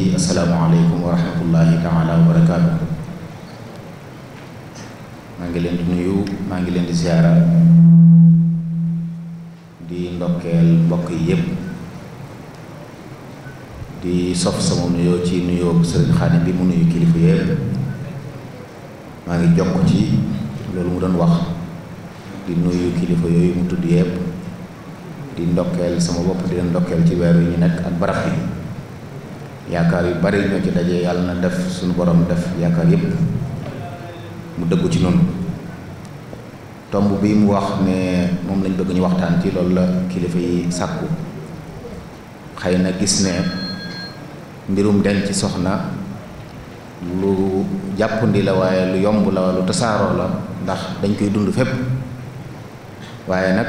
mbokki asalaamaaleykum wa rahmatullahi wa barakaatu maa ngi leen di nuyu maa ngi leen di ziara di ndokkeel mbokk yi yépp di sof sama nuyo ci nuyoo sëriñ Xaadim bi mu nuyu kilifa yépp maa ngi jokk ci loolu mu doon wax di nuyu kilifa yooyu mu tudd yépp di ndokkeel sama bopp di leen ndokkeel ci weer wi ñu nekk ak barab bi yaakaar yu bari ñoo ci daje yàlla na def suñu borom def yaakaar yépp mu dëggu ci noonu tomb bi mu wax ne moom lañ bëgg ñu waxtaan ci loolu la kilifa yi sàkku xëy na gis ne mbirum denc soxna lu jàppandi la waaye lu yomb la lu tasaaroo la ndax dañ koy dund fépp waaye nag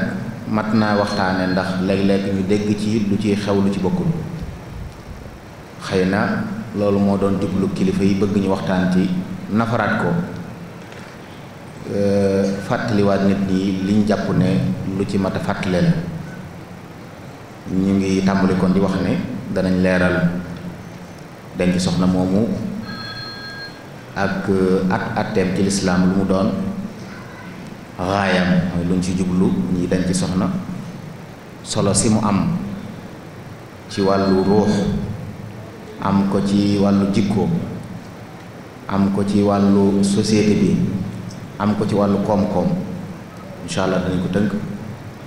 mat naa waxtaane ndax léeg-léeg ñu dégg ci lu ciy xew lu ci bokkul xëy na loolu moo doon jublu kilifa yi bëgg ñu waxtaan ci nafaraat ko euh, fàttaliwaat nit ñi liñ jàpp ne lu ci mat fàttale la ñu ngi tàmbali kon di wax ne danañ leeral denc soxna moomu ak euh, at atteem ci lislaam lu mu doon raayam mooy luñ ci jublu ñii dañ ci soxna solo si mu am ci wàllu ruux am ko ci wàllu jikko am ko ci wàllu société bi am ko ci wàllu koom-koom incha allah danañ ko tënk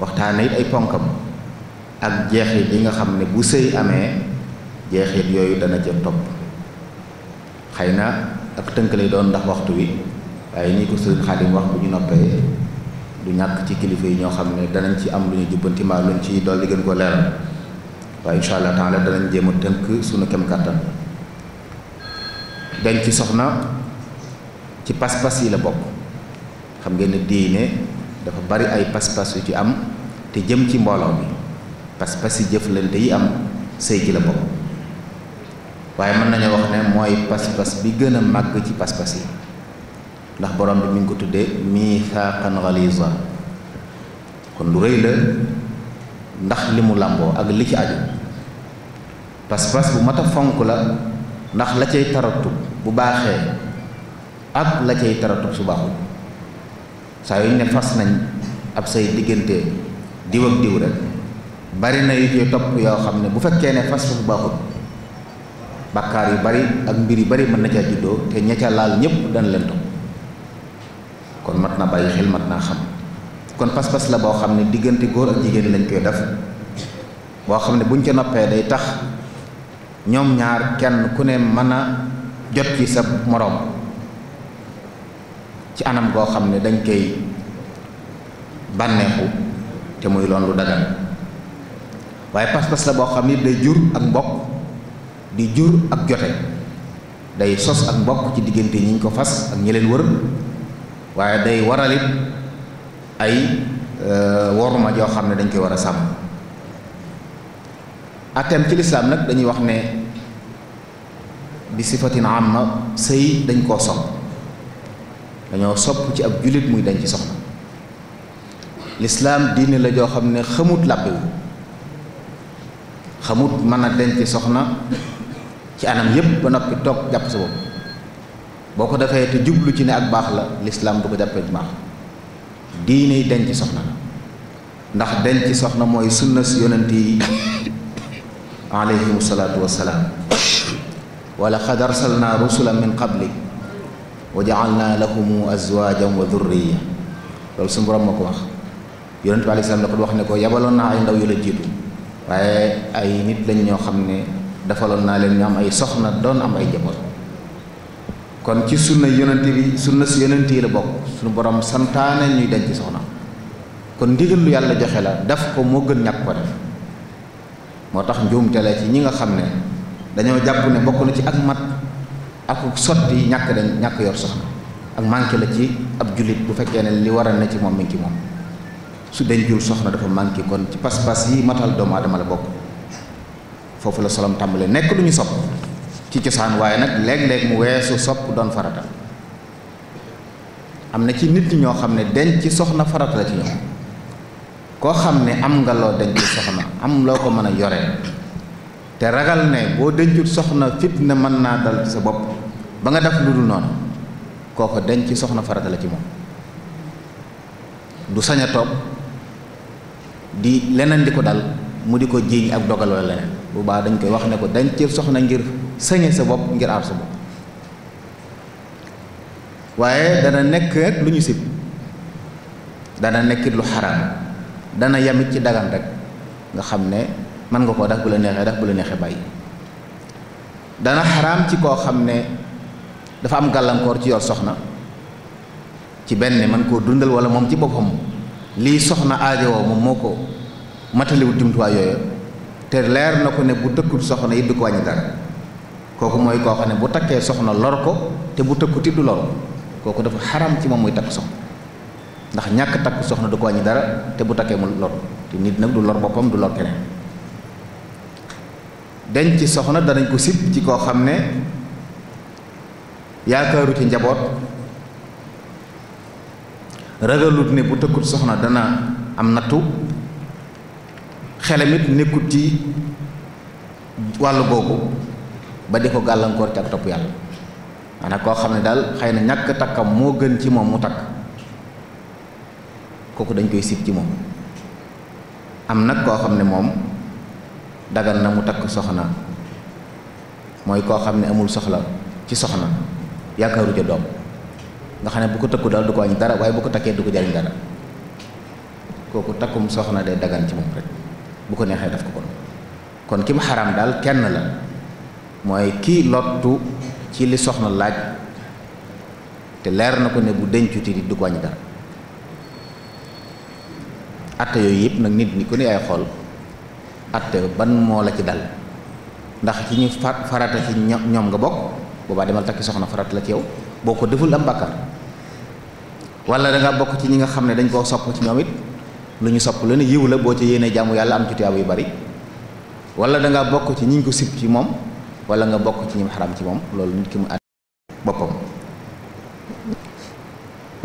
waxtaane it ay ponkam ak jeexit yi nga xam ne bu sëy amee jeexit yooyu dana ca topp xëy na ak tënk lay doon ndax waxtu wi waaye nii ko sëriñ Xaadim wax bu ñu noppee du ñàkk ci kilifa yi ñoo xam ne danañ ci am lu ñu jubbanti mbaa luñ ci li gën ko leeral waaye incha allah taala danañ jéem a tënk sunu kem kàttan denc soxna ci pas-pas yi la bokk xam ngeen ne diine dafa bari ay pas-pas yu ci am te jëm ci mbooloo bi pas-pas yi jëflante yi am sëy ci la bokk waaye mën nañu wax ne mooy pas-pas bi gën a màgg ci pas-pas yi ndax borom bi mi ngi ko tuddee miithaqan ghaliza kon lu rëy la ndax li mu làmboo ak li ci aju pas-pas bu mat a fonk la ndax la cay taratu bu baaxee ak la cay taratu su saa yu ne fas nañ ab say diggante diw ak diw rek bari na yu ci topp yoo xam ne bu fekkee ne fas fa bu baaxul bakkaar yu bari ak mbir yu bari mën na caa juddoo te ña laal ñépp dana leen topp kon mat na bàyyi xel mat naa xam kon pas-pas la boo xam ne diggante góor ak jigéen lañ koy def boo xam ne buñ ca noppee day tax ñoom ñaar kenn ku ne mën a jot ci sa moroom ci anam goo xam ne dañ koy bànneexu te muy loon lu dagan waaye pas-pas la boo xam ne day jur ak mbokk di jur ak jote day sos ak mbokk ci diggante ñi ñu ko fas ak ñi leen wër waaye day waralit ay euh, worma joo xam ne dañ koy war a sàmm atteem ci lislaam nag dañuy wax ne bi sifatin amma sëy dañ koo sox dañoo sopp ci ab jullit muy dañ ci soxna lislaam diine la joo xam ne xamut làbbiwu xamut mën a denc soxna ci anam yépp ba noppi toog jàpp sa boo ko defee te jublu ci ne ak baax la lislaam du ko jàppee baax diine denc soxna ndax denc soxna mooy sunna si yonent yi alayhim salaatu wassalaam wa laqad arsalnaa rusulan min qablik wa ja'alnaa lahum azwaajan wa dhurriyya loolu suñu borom moo ko wax yonent bi alayhi ko wax ne ko yabaloon naa ay ndaw yu la jiitu waaye ay nit lañ ñoo xam ne defaloon naa leen ñu am ay soxna doon am ay jabar kon ci sunna yonent bi sunna si yonent yi la bokk suñu borom santaane ñuy denc soxna kon ndigal lu yàlla joxe la def ko moo gën ñàkk ko def moo tax njuumte la ci ñi nga xam ne dañoo jàpp ne bokk na ci ak mat ak sotti ñàkk dañ ñàkk yor soxna ak manqué la ci ab jullit bu fekkee ne li waral na ci moom mi ngi ci moom su deñ jul soxna dafa manqué kon ci pas-pas yi matal doomu aadama la bokk foofu la solom tàmbalee nekk lu ñu sopp ci cosaan waaye nag léeg-léeg mu weesu sopp doon farata am na ci nit ñoo xam ne denc soxna farata ci ñoom koo xam ne am nga loo denc soxna am loo ko mën a yore te ragal ne boo dencut soxna fitna mën naa dal sa bopp ba nga def lu dul noonu kooko denc soxna farata ci moom du sañ a toog di leneen di ko dal mu di ko jiiñ ak dogal wala leneen bu baax dañ koy wax ne ko denc soxna ngir sëñe sa bopp ngir aar sa bopp waaye dana nekk lu ñu sib dana nekkit lu xaraam dana yamit ci dagan rek nga xam ne mën nga koo def bu la neexee def bu la neexee bàyyi dana xaraam ci koo xam ne dafa am gàllankoor ci yor soxna ci benn man koo dundal wala moom ci boppam lii soxna aajowoo moom moo ko mataliwut jumtuwaay yooyu te leer na ko ne bu tëkkut soxna it du ko wàññi dara kooku mooy koo xam ne bu takkee soxna lor ko te bu tëkkut it du lor kooku dafa xaram ci moom muy takk soxna ndax ñàkk takk soxna du ko wàññi dara te bu takkee mu lor te nit nag du lor boppam du lor keneen ci soxna danañ ko sib ci koo xam ne yaakaaru ci njaboot ragalut ne bu tëkkut soxna dana am nattu xelam it nekkut ci wàllu googu ba di ko gàllankoor ci ak topp yàlla maanaam koo xam ne daal xëy na ñàkk takkam moo gën ci moom mu takk kooku dañ koy sib ci moom am nag koo xam ne moom dagan na mu takk soxna mooy koo xam ne amul soxla ci soxna yaakaaru ja doom nga xam ne bu ko takku daal du ko wàññi dara waaye bu ko takkee du ko jariñ dara kooku takkum soxna day dagan ci moom rek bu ko neexee daf ko kon kon ki mu xaram daal kenn la mooy kii lottu ci li soxna laaj te leer na ko ne bu dencuti di du ko wàññi dara atte yooyu yëpp nag nit ñi ku ne ay xool atte ban moo la ci dal ndax ci ñu farata ci ñoom nga bokk boobaa demal takki soxna farat la ci yow boo ko deful am bàkkaar wala danga bokk ci ñi nga xam ne dañ koo sopp ci ñoom it lu ñu sopp lu ne yiw la boo ci yéenee jaamu yàlla am ci tuyaaba yu bari wala da bokk ci ñi ñu ko sib ci moom wala nga bokk ci ñi mu xaram ci moom loolu nit ki mu at boppam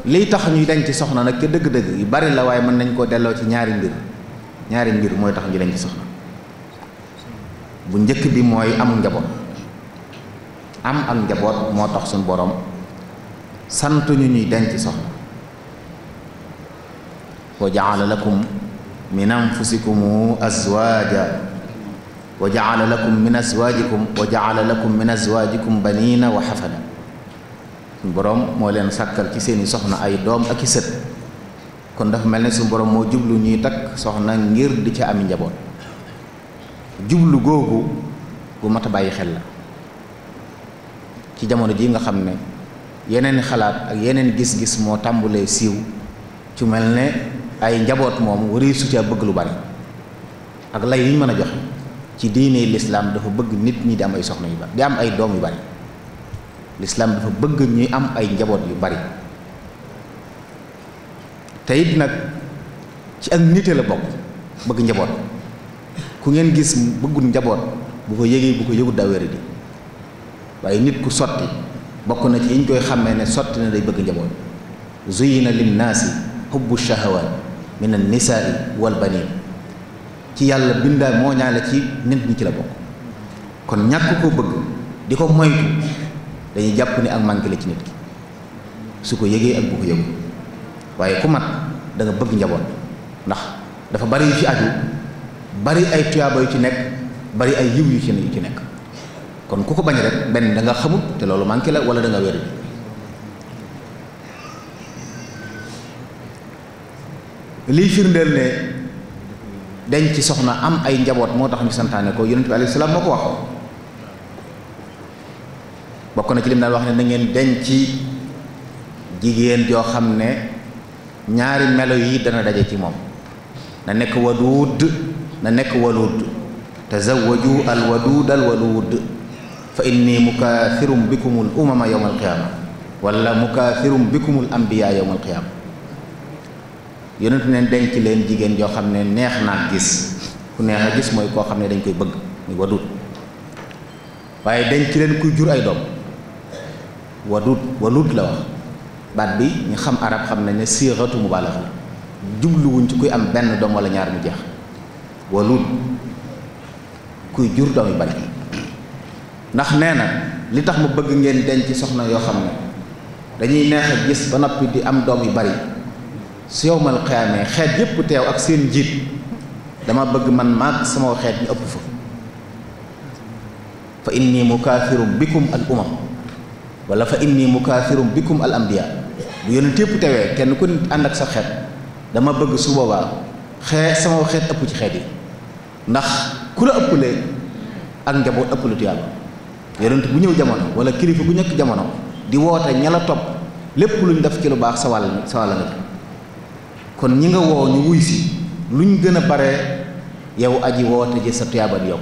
liy tax ñuy denc soxna nag ca dëgg-dëgg yu bari la waaye mën nañ koo delloo ci ñaari mbir ñaari mbir mooy tax ñu denc soxna bu njëkk bi mooy am njaboot am am njaboot moo tax suñu borom sant ñu ñuy denc soxna wa jaala lakum min anfusikum azwaaja wa jaala lakum min azwaajikum wa jaala lakum min azwaajikum baniina wa xafada suñu borom moo leen sàkkal ci seeni soxna ay doom ak i sët kon dafa mel ne suñu boroom moo jublu ñuy takk soxna ngir di ca ami njaboot jublu googu gu mat a bàyyi xel la ci jamono ji nga xam ne yeneen xalaat ak yeneen gis-gis moo tàmbulee siiw ci mel ne ay njaboot moom wari su ca bëgg lu bari ak lay yi mën a joxe ci diine lislaam dafa bëgg nit ñi di am ay soxna yu bari di am ay doom yu bari lislaam dafa bëgg ñuy am ay njaboot yu bari te nag ci ak nite la bokk bëgg njaboot ku ngeen gis bëggul njaboot bu ko yëgee bu ko yëgut daa di waaye nit ku sotti bokk na ci yi ñu koy xàmmee ne sotti na day bëgg njaboot zuyina linnaasi xubbu shahawaat min an nisaai wal baniin ci yàlla bindaa moo ñaale ci nit ñi ci la bokk kon ñàkk koo bëgg di ko moytu dañuy jàpp ni ak manqué la ci nit ki su ko yëgee ak bu ko waaye ku mat da bëgg njaboot ndax dafa bari yu ci aju bari ay tuyaaba yu ci nekk bari ay yiw yu ci yu ci nekk kon ku ko bañ rek benn da nga xamut te loolu manqué la wala da nga wér lii firndeel ne denc soxna am ay njaboot moo tax ñu santaane ko yonent bi alayhi salaam moo ko waxoon kon na ci lim daan wax ne na ngeen ci jigéen joo xam ne ñaari melo yi dana daje ci moom na nekk waduud na nekk waluud tazawwaju al waduud al waluud fa inni mukaathirum bikumul umama yawmal qiyaama wala mukaathirum bikumul ambiya yawmal qiyaama yonentu neen denc leen jigéen joo xam ne neex naa gis ku neex a gis mooy koo xam ne dañ koy bëgg muy waduud waaye denc leen kuy jur ay doom wadud wadud la wax baat bi ñu xam arab xam nañ ne siiratu mubalaxa jubluwuñ ci kuy am benn doom wala ñaar mu jeex walud kuy jur doom yu bari ndax nee na li tax ma bëgg ngeen ci soxna yoo xam ne dañuy neex a gis ba noppi di am doom yu bari su yowmal xiyaamee xeet yépp teew ak seen njiit dama bëgg man maag sama xeet ñu ëpp fa fa inni mukaathirum bikum al umam wala fa inni mukaafirum bikum al anbiya bu yonent yëpp tewee kenn ku ànd ak sa xeet dama bëgg su boobaa xee sama xeet ëpp ci xeet yi ndax ku la ëppalee ak njaboot ëppalut yàlla yonent bu ñëw jamono wala kilifa bu ñëkk jamono di woote ña la topp lépp lu ñu def ci lu baax sa wàll sa wàll nga kon ñi nga woo ñu wuy lu ñu gën a bare yow aji woote ji sa tuyaaba di yokk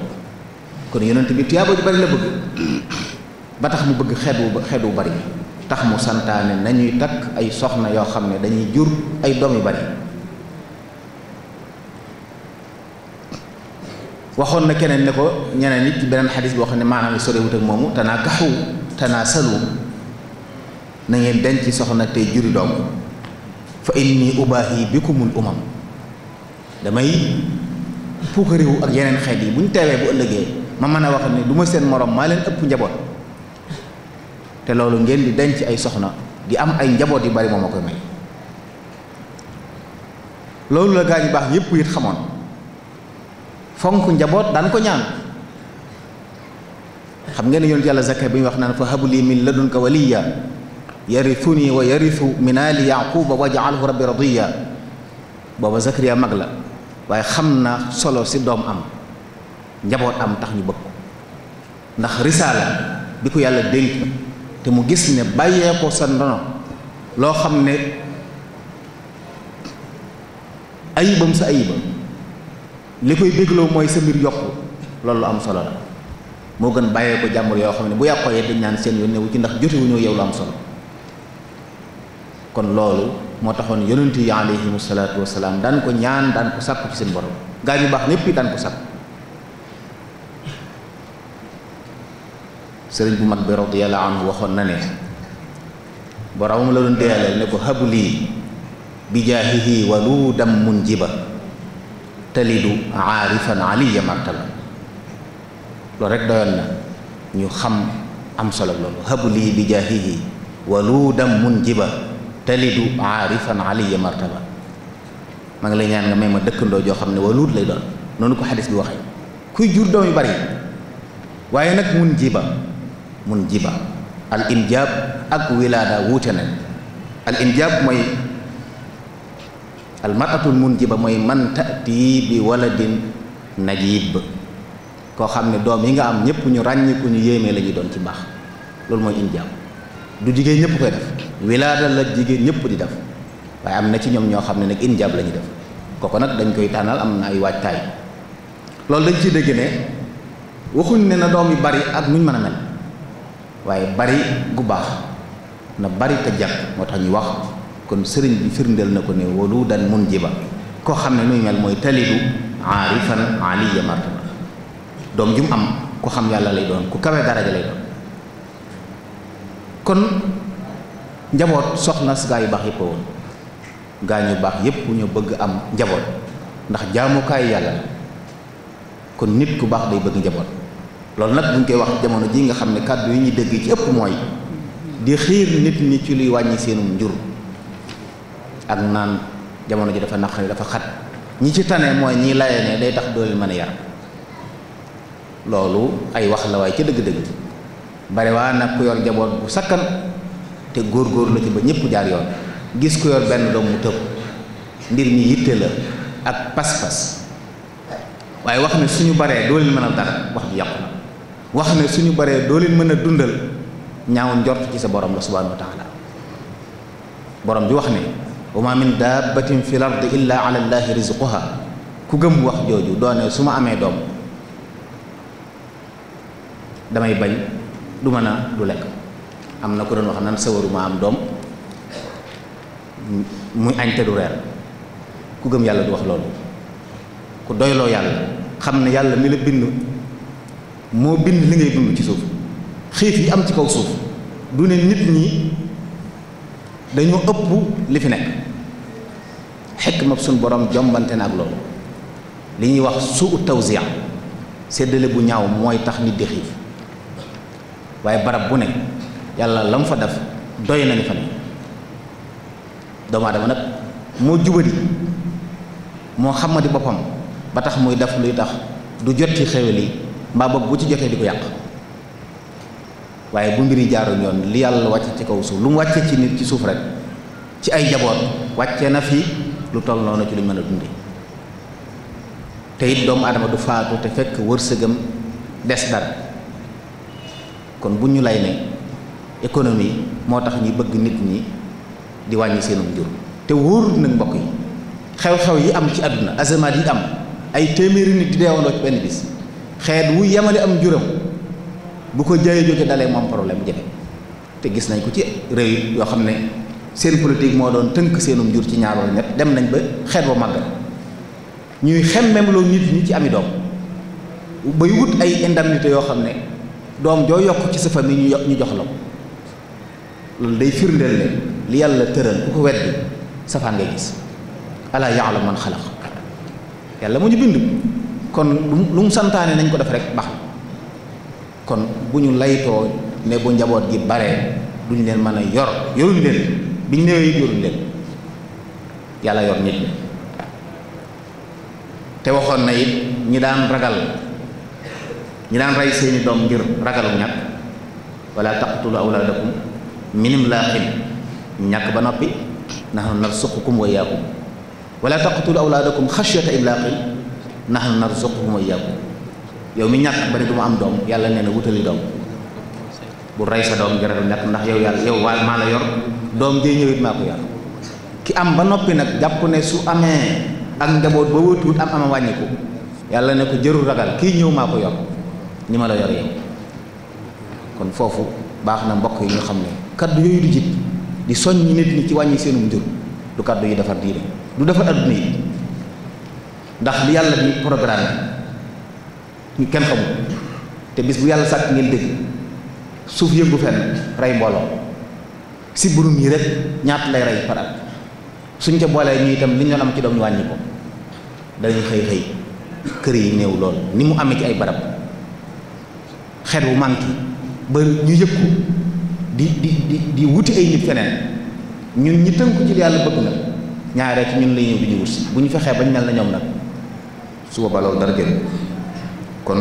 kon yonent bi tuyaaba ju bari la bëgg ba tax mu bëgg xeetu xeetu bari tax mu santaane nañuy takk ay soxna yoo xam ne dañuy jur ay doom yu bari waxoon na keneen ne ko ñeneen nit ci beneen xadis boo xam ne maanaam yi sorewut ak moomu tanaa kaxu tanaa salu na ngeen denc soxna tey juri doom fa inni ubaahi bikumul umam damay puukaréewu ak yeneen xeet yi bu ñu teewee bu ëllëgee ma mën a wax ne du ma seen moroom maa leen ëpp njaboot te loolu ngeen di denc ay soxna di am ay njaboot yu bari moom a koy may loolu la gaa ñu baax yépp it xamoon fonk njaboot daan ko ñaan xam ngeen ne yonent yàlla Zakariya bi ñu wax naan fa habli min ladunka waliya yarithuni wa yarithu min ali yaquba waj'alhu rabbi radiya booba Zakariya mag la waaye xam na solo si doom am njaboot am tax ñu bëgg ko ndax risaala bi ko yàlla dénk te mu gis ne bàyyee ko sa ndono loo xam ne ayibam sa ayibam li koy bégloo mooy sa mbir yokku loolu am solo la moo gën bàyyee ko jàmbur yoo xam ne bu yàqoo yee dañ naan seen yoon newu ci ndax jotewuñoo yow lu am solo kon loolu moo taxoon yonent yi aleyhimu salaatu wasalaam daan ko ñaan daan ko sàkku ci seen borom gaa ñu baax ñépp daan ko sàkku sëriñ bu mag bi radiyallahu anhu waxoon na ne boromam la doon deyaleel ne ko hablii bi jaahihi waluudam munjiba talidu aarifan aliya martaba loolu rek doyoon na ñu xam am solo loolu hablii bi jaahihi waluudam munjiba talidu aarifan aliya martaba maa ngi lay ñaan nga may ma dëkkandoo joo xam ne waluud lay doon noonu ko xadis bi waxee kuy jur doom yu bari waaye nag mun jiba mun munjiba al injab ak wilaada wuute nañ al injab mooy al maratul munjiba mooy man taati bi waladin najib koo xam ne doom yi nga am ñëpp ñu ràññiku ñu yéeme la ñuy doon ci baax loolu mooy injab du jigéen ñëpp koy def wilaada la jigéen ñëpp di def waaye am na ci ñoom ñoo xam ne nag injab la ñuy def kooku nag dañ koy tànnal am na ay waajtaay loolu dañ ci dégg ne waxuñ ne na doom yu bari ak nuñ mën a mel waaye bari gu baax na bari te jàpp moo tax ñuy wax kon sëriñ bi firndeel na ko ne walu dan mun jiba koo xam ne nuy mel mooy talidu aarifan aliya martaba doom ju mu am koo xam yàlla lay doon ku kawe daraja lay kon njaboot soxna si gaa yu baax yëpp woon gaa ñu baax yëpp ñu bëgg am njaboot ndax jaamukaay yàlla la kon nit ku baax day bëgg njaboot loolu nag bu ñu koy wax jamono ji nga xam ne kàddu yi ñuy dégg ci ëpp mooy di xiir nit ñi ci luy wàññi seenum njur ak naan jamono ji dafa naqari dafa xat ñi ci tane mooy ñi laye ne day tax doo leen mën a yar loolu ay wax la waaye ca dëgg-dëgg bare waa nag ku yor jaboot bu sakkan te góor-góor la ci ba ñëpp jaar yoon gis ku yor benn doom mu tëb mbir ñi yitte la ak pas-pas waaye wax ne suñu baree doo leen mën a dara wax ji yàqu na wax ne ñu baree doo leen mën a dundal ñaaw njort ci sa borom la subhanahu wa taala borom bi wax ne wa ma min dabbatin fi l ardi illa ala llaahi rizquha ku gëm wax jooju doone su ma amee doom damay bañ du mën a du lekk am na ku doon wax nan sawaru am doom muy añ du reer ku gëm yàlla du wax loolu ku doyloo yàlla xam ne yàlla mi la bind moo bind li ngay dund ci suuf xiif yi am ci kaw suuf du ne nit ñi dañoo ëpp li fi nekk xekk ma suñ borom jombante na ak loolu li ñuy wax suu tawsiya seddale bu ñaaw mooy tax nit di xiif waaye barab bu nekk yàlla la mu fa def doy nañu fa ne doomu aadama nag moo jubadi moo xam xamadi boppam ba tax muy def luy tax du jot ci xewel yi mbaa boog bu ci jotee di ko yàq waaye bu mbir yi jaaroon yoon li yàlla wàcce ci kaw suuf lu mu wàcce ci nit ci suuf rek ci ay jaboot wàcce na fi lu toll noonu ci lu mën a dundi te it doomu adama du faatu te fekk wërsëgam des dara kon bu ñu lay ne économie moo tax ñu bëgg nit ñi di wàññi seenum jur te wóorul nag mbokk yi xew-xew yi am ci àdduna azamaat yi am ay téeméeri nit di deewandoo ci benn bis xeet wu yemale am juram bu ko jaayee jooju dalee moom problème jafe te gis nañ ko ci réew yoo xam ne seen politique moo doon tënk seenum njur ci ñaar wala dem nañ ba xeet ba màgg ñuy xemmem loo nit ñu ci ami doom bay wut ay indemnité yoo xam ne doom joo yokk ci sa famille ñu ñu jox la ko loolu day firndeel ne li yàlla tëral ku ko weddi safaan ngay gis ala ya'lamu man xalaq yàlla mu ñu bind kon lu mu santaane nañ ko def rek baax kon bu ñu laytoo ne bu njaboot gi baree duñ leen mën a yor yoruñ leen biñ newee yoruñ leen yàlla yor nit te waxoon na it ñi daan ragal ñi daan rey seeni doom ngir ragalu ñàkk wala taqtulu awlaadakum minim laaxin ñàkk ba noppi nahnu narzuqukum wa iyyaakum wala taqtulu awlaadakum xashyata imlaaqin nahnu narzuqukum wa iyyakum yow mi ñàkk ba ne du ma am doom yàlla nee na wutali doom bu rey sa doom ngir ñàkk ndax yow yàlla yow waaye maa la yor doom jëy ñëwit maa ko yor ki am ba noppi nag jàpp ne su amee ak njaboot ba wóotuwut am ama wàññiku yàlla ne ko jërul ragal kii ñëw maa ko yor ñi ma la yor yow kon foofu baax na mbokk yi ñu xam ne kàddu yooyu du jib di soññ nit ñi ci wàññi seenum njur du kàddu yi defar diine du defar adduna yi ndax li yàlla di programme ñu kenn xamul te bis bu yàlla sàkk ngeen dégg suuf yëngu fen rey mbooloo si burum yi rek ñaata lay rey par suñ ca boolee ñu itam li ñu am ci doom ñu wàññi ko danañ xëy xëy kër yi néew lool ni mu amee ci ay barab xet wu manqué ba ñu yëg ko di di di di wuti ay nit feneen ñun ñi tënku ci yàlla bëgg na ñaaree ci ñun la ñëw di ñu wut si bu ñu fexee bañ mel na ñoom nag su boobaa loolu dara génn kon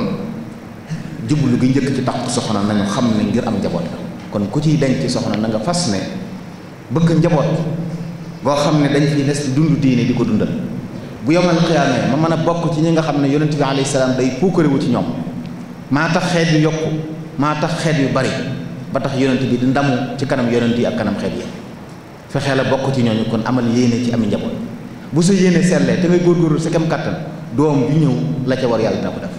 jublu gi njëkk ci takk soxna nañu xam ne ngir am njaboot la kon ku ciy denc soxna na nga fas ne bëgg njaboot boo xam ne dañ fi des di dund diine di ko dundal bu yomal xiyaamee ma mën a bokk ci ñi nga xam ne yonent bi alayhi salaam day puukarewu ci ñoom maa tax xeet yu yokk maa tax xeet yu bari ba tax yonent bi di ndamu ci kanam yonent yi ak kanam xeet yi fexee la bokk ci ñooñu kon amal yéene ci ami njaboot bu sa yéene seetlee te ngay góorgóorlu kàttan doom bi ñëw la ca war yàlla dina ko def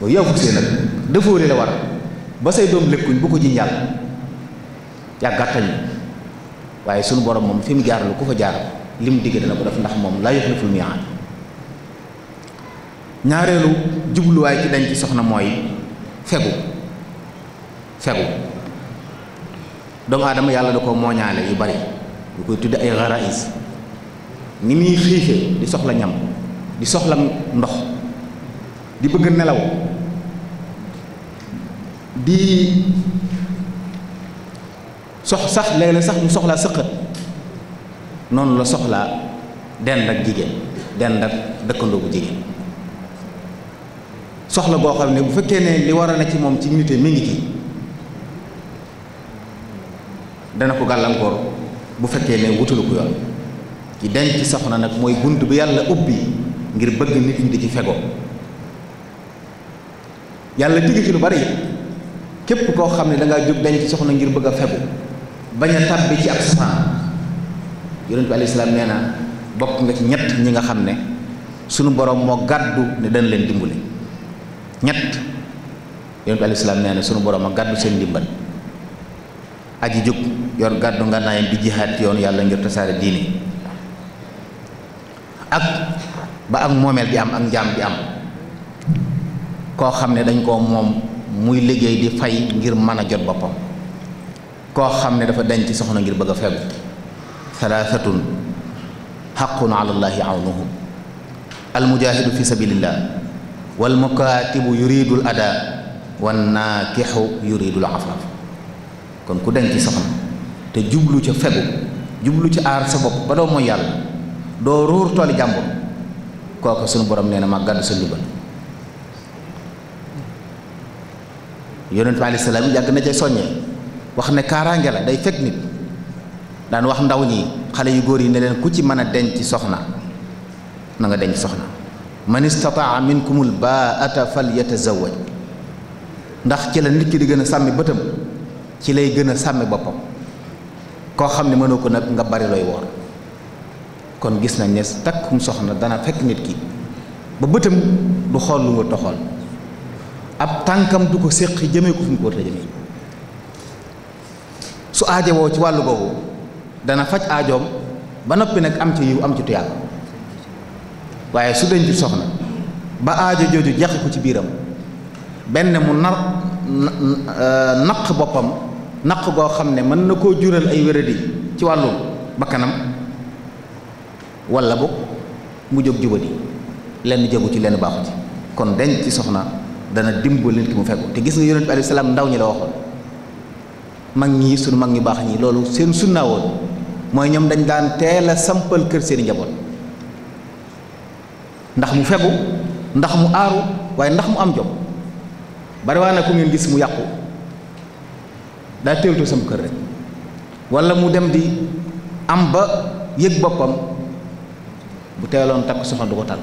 loolu yow fugsee nag defoo li la war ba say doom lekkuñ bu ko jiñ yàlla yaa gàttañ waaye sunu borom moom fi mu jaaralu ku fa jaar li mu digg dana ko def ndax moom laa yuxliful miiaad ñaareelu jubluwaay ci dañ ci soxna mooy fegu fegu doomu aadama yàlla da koo mooñaane yu bari lu koy tudd ay xaraïs ni muy xiifee di soxla ñam di soxla ndox di bëgg nelaw di sox sax léeg-léeg sax mu soxlaa sëqat noonu la soxlaa dend jigéen dend ak dëkkandoo bu jigéen soxla boo xam ne bu fekkee ne li war a na ci moom ci unité mi ngi ci dana ko gàllankoor bu fekkee ne wutalu ko yoon ci denc soxna nag mooy bunt bi yàlla ubbi ngir bëgg nit ñi di ci fego yàlla digg ci lu bari képp koo xam ne da ngaa jóg denc soxna ngir bëgg a fegu bañ a tàbbi ci ab safaan yonent bi alayhi salaam nee na bokk nga ci ñett ñi nga xam ne sunu boroom moo gàddu ne dana leen dimbali ñett yonent bi alayhi salaam nee sunu borom moo gàddu seen ndimbal aji jóg yoon gàddu nga naayam di jihaat yoon yàlla ngir tasaare diine ak ba ak moomeel bi am ak njaam bi am koo xam ne dañ koo moom muy liggéey di fay ngir mën a jot boppam koo xam ne dafa denc soxna ngir bëgg a feebu thalathatun xaqun ala llahi awnuhum almujaahidu fi sabilillah ada wannaakixu yuridu l kon ku denc soxna te jublu ca febu jublu ci aar sa bopp ba doo mooy yàlla doo ruur tooli jàmbur kooku sunu borom nee na ma gàddu sa ndigal yonent bi alayhi salaam yàgg na ca soññee wax ne kaaraange la day fekk nit daan wax ndaw ñi xale yu góor yi ne leen ku ci mën a denc soxna na nga denc soxna man istataa minkumul baata fal yatazawaj ndax ci la nit ki di gën a sàmmi bëtam ci lay gën a sàmmi boppam koo xam ne mënu ko nag nga bari looy woor kon gis nañ ne takkum soxna dana fekk nit ki ba bëtam du xool lu nga toxool ab tànkam du ko séqi jëmee ko fu mu ko war su aajo woo ci wàllu googu dana faj aajoom ba noppi nag am ci yiw am ci tuyaab waaye su denc soxna ba aajo jooju jàq ko ci biiram benn mu nar naq boppam naq goo xam ne mën na koo jural ay wéradi ci wàllu bakkanam wala boog mu jóg jubadi lenn jëmu ci lenn baaxu ci kon dañ ci soxna dana dimbali nit ki mu fegu te gis nga yonent bi alayhi salaam ndaw ñi la waxoon mag ñi sunu mag ñu baax ñi loolu seen sunna woon mooy ñoom dañ daan teel a sampal kër seeni njaboot ndax mu fegu ndax mu aaru waaye ndax mu am jom bare waa na ku ngeen gis mu yàqu daa teelutoo sama kër rek walla mu dem di am ba yëg boppam bu teeloon takk soxna du ko tal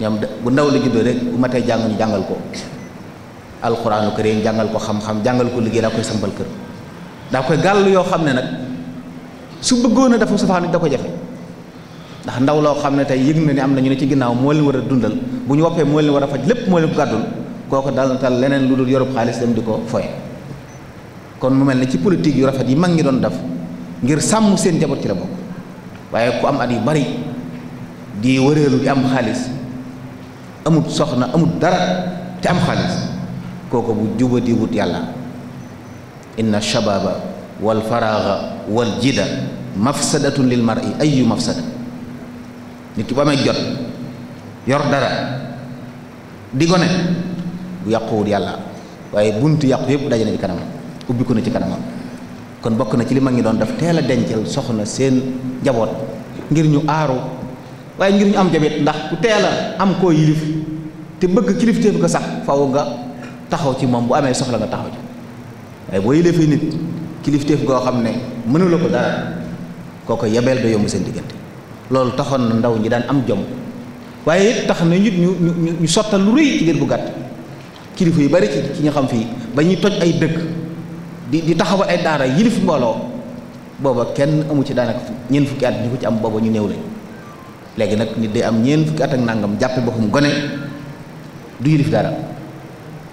ñoom bu ndaw la juddoo rek bu matee jàng ñu jàngal ko alxuraanu karim jàngal ko xam-xam jàngal ko liggéey daa koy sambal kër daa koy gàll yoo xam ne nag su bëggoon a dafa safaanu da ko jafe ndax ndaw loo xam ne tey yëg na ni am na ñu ne ci ginnaaw moo leen war a dundal bu ñu woppee moo leen war a faj lépp moo leen ko gàddul kooku dal na tal leneen lu dul yorub xaalis dem di ko foye kon mu mel ni ci politique yu rafet yi mag ñi doon def ngir sàmm seen njaboot ci la bokk di wëreelu di am xaalis amut soxna amut dara te am xaalis kooku bu juba di wut yàlla inna shabaaba wal faraaga wal jida mafsadatun lil mar'i ayu mafsada nit ki bu amee jot yor dara di gone bu yàquwut yàlla waaye buntu yàqu yëpp daje na ci kanamam ubbi na ci kanamam kon bokk na ci li mag ngi doon def teel a dencal soxna seen njaboot ngir ñu aaru waaye ngir ñu am jabet ndax ku teel a am koo yilif te bëgg kilifteef ko sax faw nga taxaw ci moom bu amee soxla nga taxaw ci waaye boo yilifee nit kilifteef goo xam ne mënula ko dara kooko yebeel da yomb seen diggante loolu taxoon na ndaw ñi daan am jom waaye it tax na nit ñu ñu ñu sottal lu rëy bu gàtt kilifa yu bari ci ñu xam fii ba ñuy toj ay dëkk di di taxawal ay daara yilif mbooloo booba kenn amu ci daanaka ñeent fukki at ñu am booba ñu néew lañ léegi nag nit day am ñeent fukki at ak nangam jàppe boppam gone du yilif dara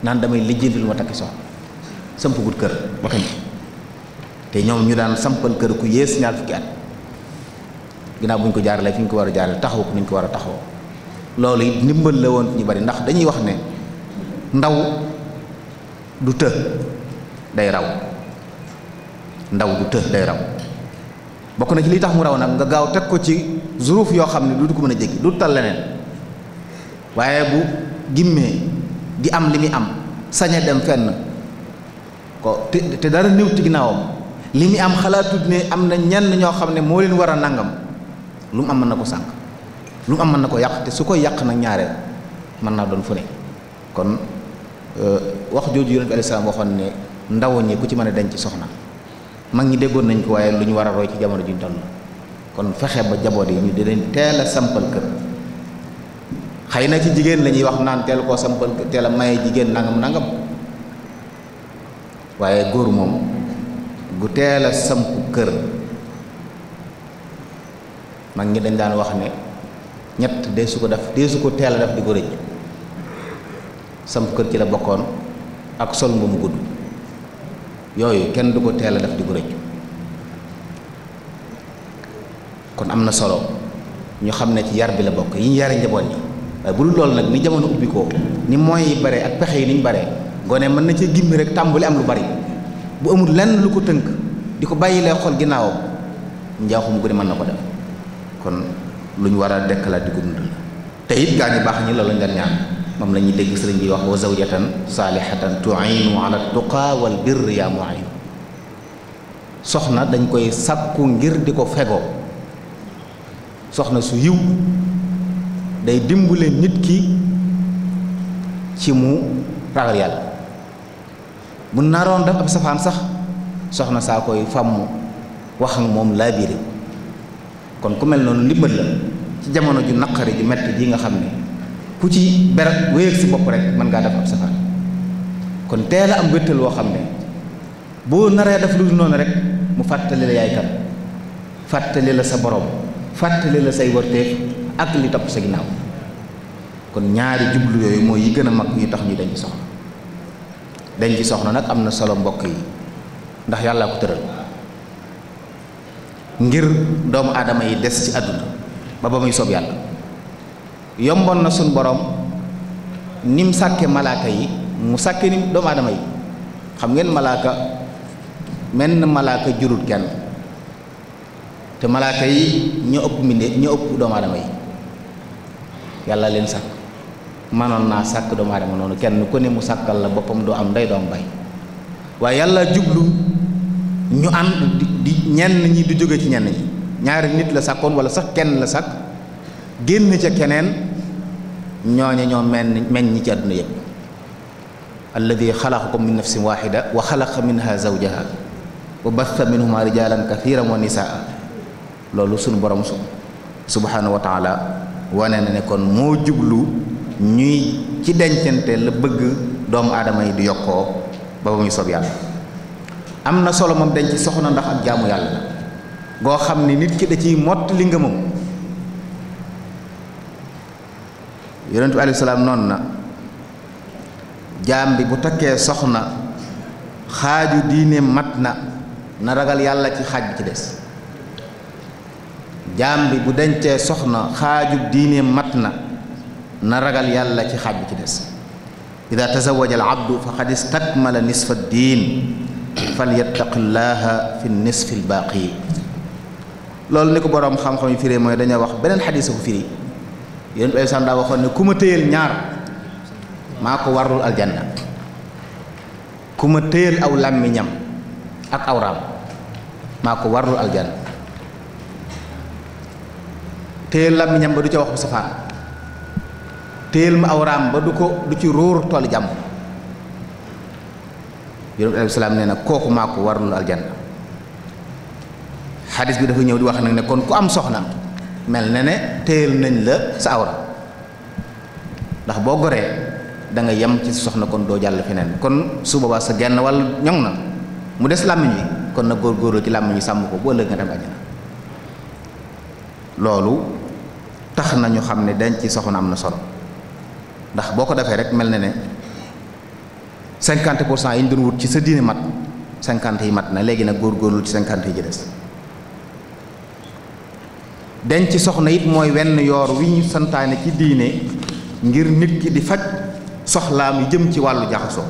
naan damay lijjanti lu ma takki soxla sampagut kër waxin te ñu daan sampal kër ku yées ñaar fukki at ko jaaralee fi ko war a jaarale taxaw ko ni ko war a taxaw loolu ndimbal la woon ñu bari ndax dañuy wax ne ndaw të day raw ndaw të day raw ci li tax mu raw nag nga gaaw teg ko ci zuruuf yoo xam ne du du ko mën a jéggi du tal leneen waaye bu gimmee di am li muy am saña dem fenn ko te te dara néew ci ginnaawam li muy am xalaatut ne am na ñenn ñoo xam ne moo leen war a nangam lu mu am mën na ko sànq lu mu am mën na ko yàq te su koy yàq na ñaareel mën naa doon fu ne kon euh, wax jooju yonent bi alayhi salaam waxoon ne ndaw ñi ku ci mën a denc soxna mag ñi déggoon nañ ko waaye lu ñu war a roy ci jamono juñ toll. kon fexe ba jaboot yi ñu di leen teel a sampal kër xëy na ci jigéen lañuy wax naan teel koo sampal kër teel a maye jigéen nangam nangam waaye góor moom gu teel a samp kër mag ngi dañ daan wax ne ñett dee ko def dee ko teel a def di ko rëcc samp kër ci la bokkoon ak sol mu gudd yooyu kenn du ko teela a def di ko rëcc kon am na solo ñu xam ne ci yar bi la bokk yi ñu yare njaboot ñi waaye bu dul loolu nag ni jamono ubbikoo ko ni moyens yi bare ak pexe yi ni ñu bare gone mën na cee gimmi rek tàmbali am lu bari bu amul lenn lu ko tënk di ko bàyyi xool xol ginnaawam njaaxum gune mën na ko def kon lu ñu war a dekkalaat di gumd la te gaa ñu baax ñi loolu lañ daan ñaan moom la ñuy dégg sëriñ bi wax wa zawjatan saalihatan tu'inu ala tuqa wal birri yaa mu'in soxna dañ koy sàkku ngir di ko fegoo soxna su yiw day dimbuleen nit ki ci mu ragal yàlla bu naroon def ab safaan sax soxna saa koy fàmm wax ak moom laa biire kon ku mel noonu ndimbal la ci jamono ju naqari ju mett ji nga xam ne ku ci beret wéyeg si bopp rek mën ngaa def ab safaan kon teel a am wéttal woo xam ne boo naree def lu dul noonu rek mu fàttali la yaay kan fàttali la sa borom fàttali la say warteef ak li topp sa ginnaaw kon ñaari jublu yooyu mooy yi gën a mag yi tax ñu denc soxna denc soxna nag am na solo mbokk yi ndax yàllaa ko tëral ngir doomu aadama yi des ci àdduna ba ba muy soob yàlla yomboon na suñu boroom ni mu sàkke malaaka yi mu sàkke ni doomu aadama yi xam ngeen malaaka menn malaaka jurut kenn te malaaka yi ñoo ëpp mbindee ñoo ëpp doomu yi yàlla leen sàkk manoon naa sàkk doomu aadama noonu kenn ku ne mu sàkkal la boppam doo am ndey doom bay waaye yàlla jublu ñu ànd di ñenn ñi du jóge ci ñenn ñi ñaari nit la sàkkoon wala sax kenn la sàkk génn ca keneen ñooñe ñoo menn meññ ci àdduna yëpp alladi xalaqakum min nafsin waxida wa xalaqa minha zawjaha wa batha minhuma rijalan kathiran wa nisaa loolu sunu borom su subhaanahu wa taala wane na ne kon moo jublu ñuy ci dencante la bëgg doomu aadama yi di yokkoo ba ba muy sob yàlla am na solo moom denc soxna ndax ak jaamu yàlla la goo xam ne nit ki da ciy mott li nga moom yonent bi alayhi salaam noonu na jaam bi bu takkee soxna xaaju diine mat na na ragal yàlla ci xaaj bi ci des jaam bi bu dencee soxna xaajub diineem mat na na ragal yàlla ci xaaj bi ci des ida tazawaja al abdu faqad istakmala nisfa diin falyattaqillaha fi nisfi l loolu ni ko boroom xam-xam yi firee mooy dañoo wax beneen xadis ko firi yonent ay sàndaa waxoon ne ku ma téyal ñaar maa ko warul aljanna ku ma téyal aw làmmiñam ak awraam maa ko warul aljanna téyel làmmiñam ba du ca wax bu safaan téyel ma awraam ba du ko du ci ruur tool jàmm yonent bi salaam nee na kooku maa ko war lu aljanna xadis bi dafa ñëw di wax nag ne kon ku am soxna mel na ne téyel nañ la sa awra ndax boo goree danga yem ci soxna kon doo jàll feneen kon su boobaa sa genn wàll ñoŋ na mu des làmmiñ wi kon na góorgóorlu ci làmmiñ wi sàmm ko bu ëllëg nga dem àjjana loolu tax nañu xam ne denc soxna am na sol ndax boo ko defee rek mel na ne cinquante pour cent yi ñu doon wut ci sa diine mat cinquante yi mat na léegi nag góorgóorlu ci cinquante yi ci des denc soxna it mooy wenn yoor wi ñu santaane ci diine ngir nit ki di faj soxlaam jëm ci wàllu jaxasoo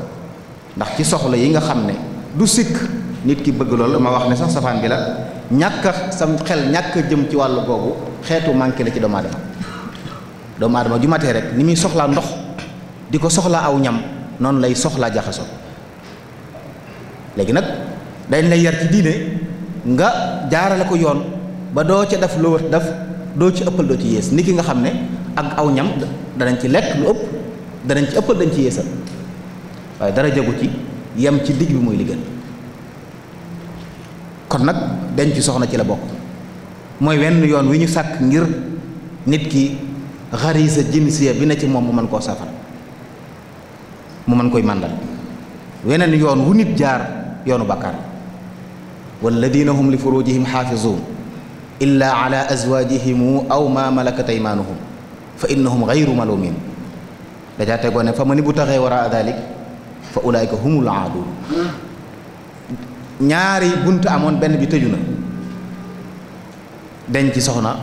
ndax ci soxla yi nga xam ne du sikk nit ki bëgg loolu ma wax ne sax safaan bi la ñàkk a sam xel ñàkk jëm ci wàll googu xeetu manqué la ci doomu aadama doomu aadama ju matee rek ni muy soxlaa ndox di ko soxlaa aw ñam noonu lay soxlaa jaxasoo léegi nag dañ lay yar ci diine nga jaarale ko yoon ba doo ca def loo def doo ci ëppal doo ci yées nit ki nga xam ne ak aw ñam danañ ci lekk lu ëpp danañ ci ëppal dañ ci yéesal waaye dara jagu ci yem ci digg bi muy li kon nag denc soxna ci la bokk mooy wenn yoon wi ñu sàkk ngir nit ki xarisa jinsiya bi na ci moom mu man koo safar mu mën koy màndal weneen yoon wu nit jaar yoonu bàkkaar walladina hum li furujihim xaafizuun illa ala azwajihimu aw ma malakat aymanuhum fa innahum gayru malumin dajaa ni bu taxee wara dalik fa ulaayka humul aadun ñaari bunt amoon benn bi tëju na denc soxna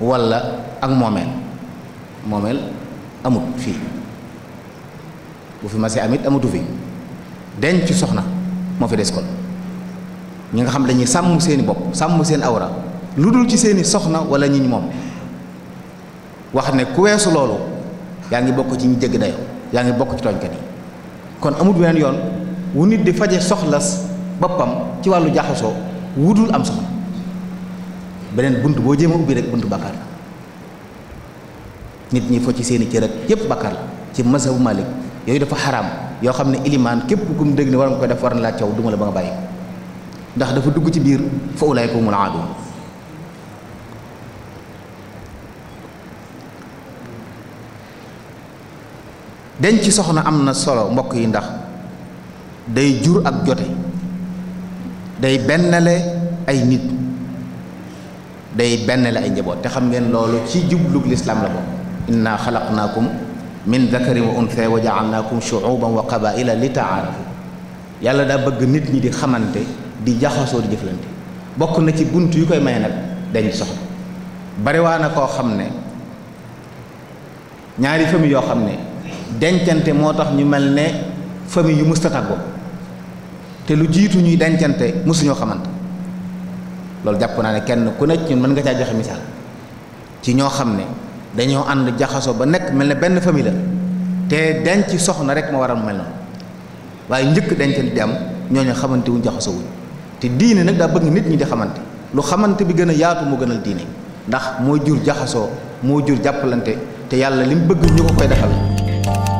walla ak moomeel moomeel amut fii bu fi mase amit amutu fi denc soxna moo fi des kon ñi nga xam dañuy sàmm seeni bopp sàmm seen awra lu dul ci seeni soxna walla ñiñ moom wax ne ku weesu loolu yaa ngi bokk ci ñu jégg dayoo yaa ngi bokk ci tooñkat kon amut ween yoon wu nit di faje soxlas boppam ci wàllu jaxasoo wudul am soxna beneen bunt boo jéem ubbi rek bunt bàkkaar la nit ñi fo ci seeni cër ak yépp bàkkaar la ci mazhabu Malik yooyu dafa xaram yoo xam ne ilimaan képp ku mu dégg ne war nga ko def war na laa caw duma la ba nga bàyyi ndax dafa dugg ci biir fa ulaayka humul aadun denc soxna am na solo mbokk yi ndax day jur ak jote day bennale ay nit day bennale ay njaboot te xam ngeen loolu ci jublug lislaam la bokk inna xalaqnaakum min dakarin wa untha wa jaalnaakum shuuban wa qabaila li taarafu yàlla daa bëgg nit ñi di xamante di jaxasoo di jëflante bokk na ci bunt yu koy may nag dañ soxla barewaa koo xam ne ñaari famille yoo xam ne dencante moo tax ñu mel ne famille yu mustatagoo te lu jiitu ñuy dencante mosu ñoo xamante loolu jàpp naa ne kenn ku nekk ñun mën nga caa joxe misaal ci ñoo xam ne dañoo ànd jaxasoo ba nekk mel ne benn famille te te ci soxna rek ma waral mu mel noonu waaye njëkk dencante di am ñooñu xamante wuñ jaxaso wuñ te diine nag daa bëgg nit ñi di xamante lu xamante bi gën a yaatu moo gënal diine ndax moo jur jaxasoo moo jur jàppalante te yàlla li mu bëgg ñu ko koy defal